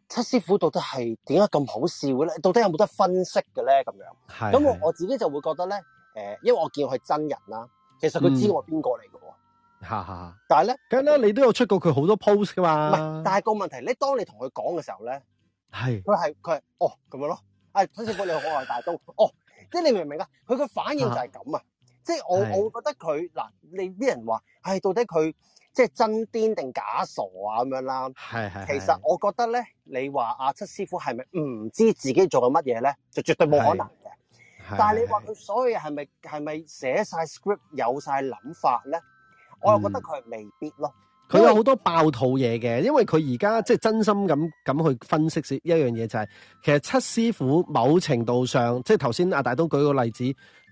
七師傅到底係點解咁好笑嘅咧？到底有冇得分析嘅咧？咁樣，係咁我我自己就會覺得咧，誒、呃，因為我見佢係真人啦，其實佢知我邊個嚟嘅喎，嚇、嗯、但係咧，梗係你都有出過佢好多 post 㗎嘛，唔係，但係個問題，你當你同佢講嘅時候咧，係佢係佢係哦咁樣咯。阿、哎、七師傅，你好愛大東，哦，即係你明唔明啊？佢個反應就係咁啊，即係我我覺得佢嗱，你啲人話，唉、哎，到底佢即係真癲定假傻啊？咁樣啦，係係。其實我覺得咧，你話阿七師傅係咪唔知自己做緊乜嘢咧，就絕對冇可能嘅。但係你話佢所有係咪係咪寫晒 script 有晒諗法咧，我又覺得佢係未必咯。嗯佢有好多爆肚嘢嘅，因為佢而家即係真心咁咁去分析一。一樣嘢就係、是，其實七師傅某程度上，即係頭先阿大東舉個例子，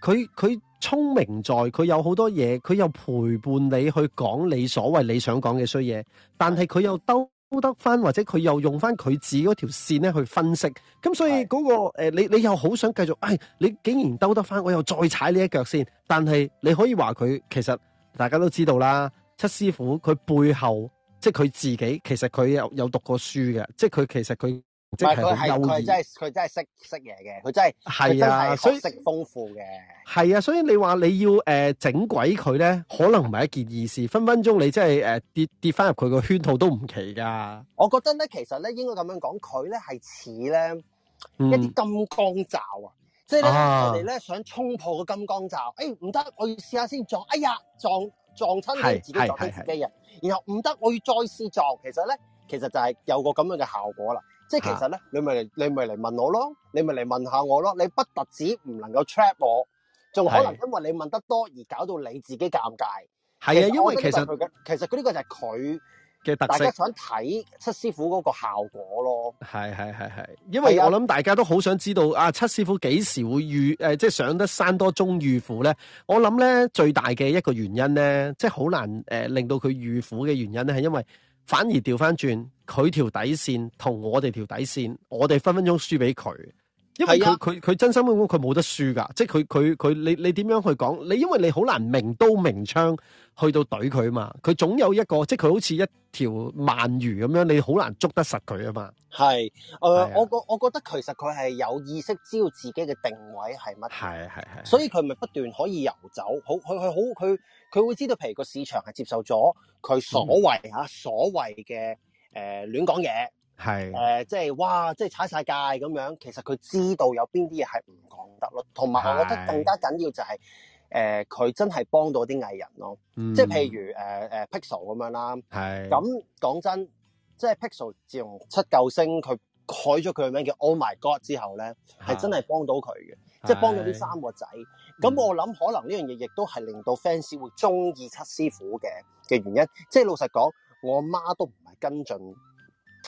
佢佢聰明在佢有好多嘢，佢又陪伴你去講你所謂你想講嘅衰嘢，但係佢又兜得翻，或者佢又用翻佢自己嗰條線咧去分析。咁所以嗰、那個誒、呃，你你又好想繼續，唉、哎，你竟然兜得翻，我又再踩呢一腳先。但係你可以話佢，其實大家都知道啦。七師傅佢背後，即係佢自己，其實佢有有讀過書嘅，即係佢其實佢即係好優異，佢係佢真係識識嘢嘅，佢真係係啊，他真是識的，所以學識豐富嘅。係啊，所以你話你要誒、呃、整鬼佢咧，可能唔係一件易事，分分鐘你真係誒、呃、跌跌翻入佢個圈套都唔奇噶、啊。我覺得咧，其實咧應該咁樣講，佢咧係似咧一啲金光罩啊，即係咧我哋咧想衝破個金光罩，誒，唔得，我要試下先撞，哎呀撞。撞親你自己撞親自己人，然後唔得，我要再試撞。其實咧，其實就係有個咁樣嘅效果啦。即係其實咧，你咪你咪嚟問我咯，你咪嚟問下我咯。你不特止唔能夠 trap 我，仲可能因為你問得多而搞到你自己尷尬。係啊，因為其實佢嘅、這個、其實佢呢個就係佢。大家想睇七師傅嗰個效果咯，係係係係，因為我諗大家都好想知道啊，七師傅幾時會遇，呃、即係上得山多終遇虎咧？我諗咧最大嘅一個原因咧，即係好難，呃、令到佢遇虎嘅原因咧，係因為反而調翻轉佢條底線同我哋條底線，我哋分分鐘輸俾佢。因為佢佢佢真心咁講，佢冇得輸噶，即係佢佢佢，你你點樣去講？你因為你好難明刀明槍去到懟佢嘛，佢總有一個，即係佢好似一條鰻魚咁樣，你好難捉得實佢啊嘛。係，誒、呃啊，我覺我覺得其實佢係有意識，知道自己嘅定位係乜，係係係，所以佢咪不斷可以游走，好，佢佢好，佢佢會知道，譬如個市場係接受咗佢所謂吓、嗯、所謂嘅誒亂講嘢。呃係誒、呃，即係哇，即係踩曬界咁樣。其實佢知道有邊啲嘢係唔講得咯。同埋，我覺得更加緊要就係、是、誒，佢、呃、真係幫到啲藝人咯。嗯、即係譬如誒誒、呃呃、Pixel 咁樣啦。係，咁講真，即係 Pixel 自從七舊星佢改咗佢嘅名叫 Oh、oh、My God 之後咧，係真係幫到佢嘅，即係幫咗啲三個仔。咁我諗可能呢樣嘢亦都係令到 fans 會中意七師傅嘅嘅原因。即係老實講，我媽都唔係跟進。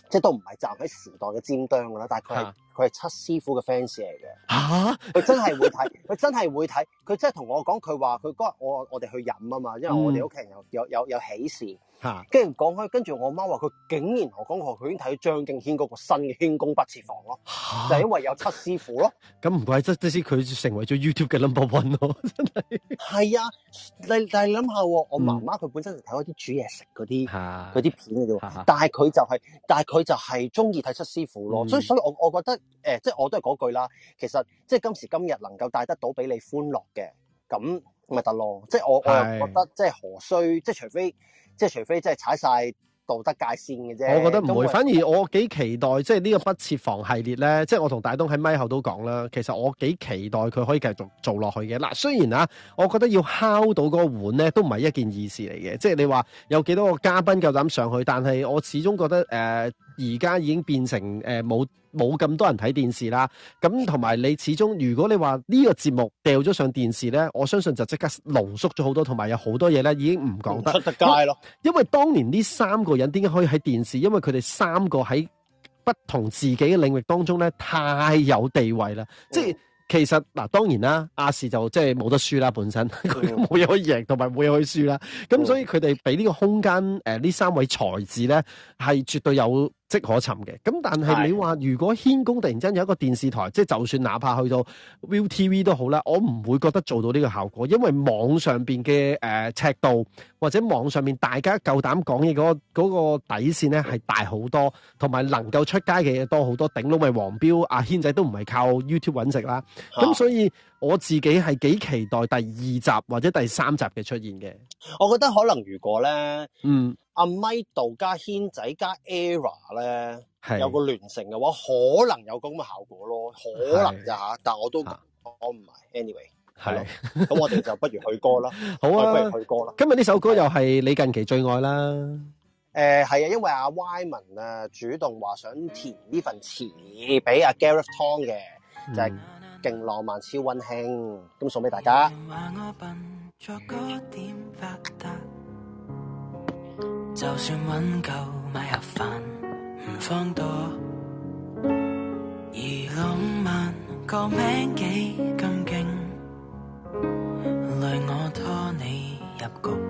即都唔係站喺時代嘅尖端㗎啦，但係佢係、啊、七師傅嘅 fans 嚟嘅。佢、啊、 真係會睇，佢真係會睇，佢真係同我講，佢話佢嗰日，我我哋去飲啊嘛，因為我哋屋企人有有有有喜事。吓，跟住講開，跟住我媽話佢竟然同我講開，佢已經睇咗張敬軒嗰個新嘅《敲碗不設防》咯，就是、因為有七師傅咯。咁、啊、唔怪不得，即使佢成為咗 YouTube 嘅 number one 咯，真係係啊。但但係諗下，我媽媽佢、嗯、本身就睇開啲煮嘢食嗰啲啲片嘅，但係佢就係、是、但係佢就係中意睇七師傅咯、嗯。所以所以我我覺得誒、呃，即係我都係嗰句啦。其實即係今時今日能夠帶得到俾你歡樂嘅，咁咪得咯。即係我是我又覺得即係何須即係除非。即係除非即係踩晒道德界線嘅啫，我覺得唔會，反而我幾期待即係呢個不設防系列咧。即係我同大東喺咪後都講啦，其實我幾期待佢可以繼續做落去嘅。嗱，雖然啊，我覺得要敲到嗰個碗咧，都唔係一件易事嚟嘅。即係你話有幾多個嘉賓夠膽上去，但係我始終覺得誒，而家已經變成誒冇。呃冇咁多人睇電視啦，咁同埋你始終，如果你話呢個節目掉咗上電視呢，我相信就即刻濃縮咗好多，同埋有好多嘢呢已經唔講得。出得街咯，因為當年呢三個人點解可以喺電視？因為佢哋三個喺不同自己嘅領域當中呢，太有地位啦、嗯。即係其實嗱、啊，當然啦，亞視就即係冇得輸啦，本身佢冇嘢可以贏，同埋冇嘢可以輸啦。咁所以佢哋俾呢個空間，呢、呃、三位才智呢，係絕對有。即可尋嘅，咁但係你話如果軒公突然間有一個電視台，即就算哪怕去到 Viu TV 都好啦，我唔會覺得做到呢個效果，因為網上面嘅尺度或者網上面大家夠膽講嘢嗰個底線咧係大好多，同埋能夠出街嘅嘢多好多。頂撈咪黃標，阿軒仔都唔係靠 YouTube 揾食啦。咁、啊、所以我自己係幾期待第二集或者第三集嘅出現嘅。我覺得可能如果咧，嗯。阿 m i c 加軒仔加 e r a o r 有個聯成嘅話，可能有咁嘅效果咯，可能啫嚇，但我都講唔埋。Anyway，係，咁 我哋就不如去歌啦。好啊，我不如去歌啦。今日呢首歌又係你近期最愛啦。誒係啊，因為阿 Y 文啊主動話想填呢份詞俾阿 Gary Tong 嘅，就係、是、勁浪漫超溫馨，都送俾大家。嗯就算揾夠買盒飯唔放多，而浪漫個名幾咁勁，累我拖你入局，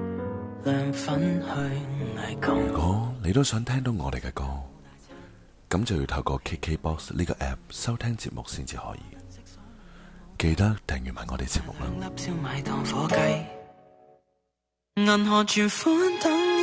兩粉去危窮。如果你都想聽到我哋嘅歌，咁就要透過 KKBox 呢個 app 收聽節目先至可以，記得訂閱埋我哋節目啦。兩粒燒賣當火雞，銀河轉款等。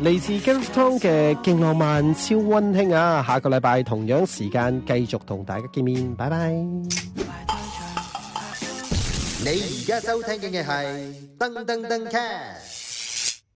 嚟自《Gareth.T》嘅勁浪漫、超溫馨啊！下個禮拜同樣時間繼續同大家見面，拜拜！你而家收聽嘅係《噔噔噔 Cat》。